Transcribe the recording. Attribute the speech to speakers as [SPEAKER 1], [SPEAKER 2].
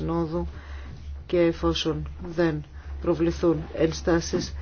[SPEAKER 1] Συνόδου και εφόσον δεν προβληθούν ενστάσεις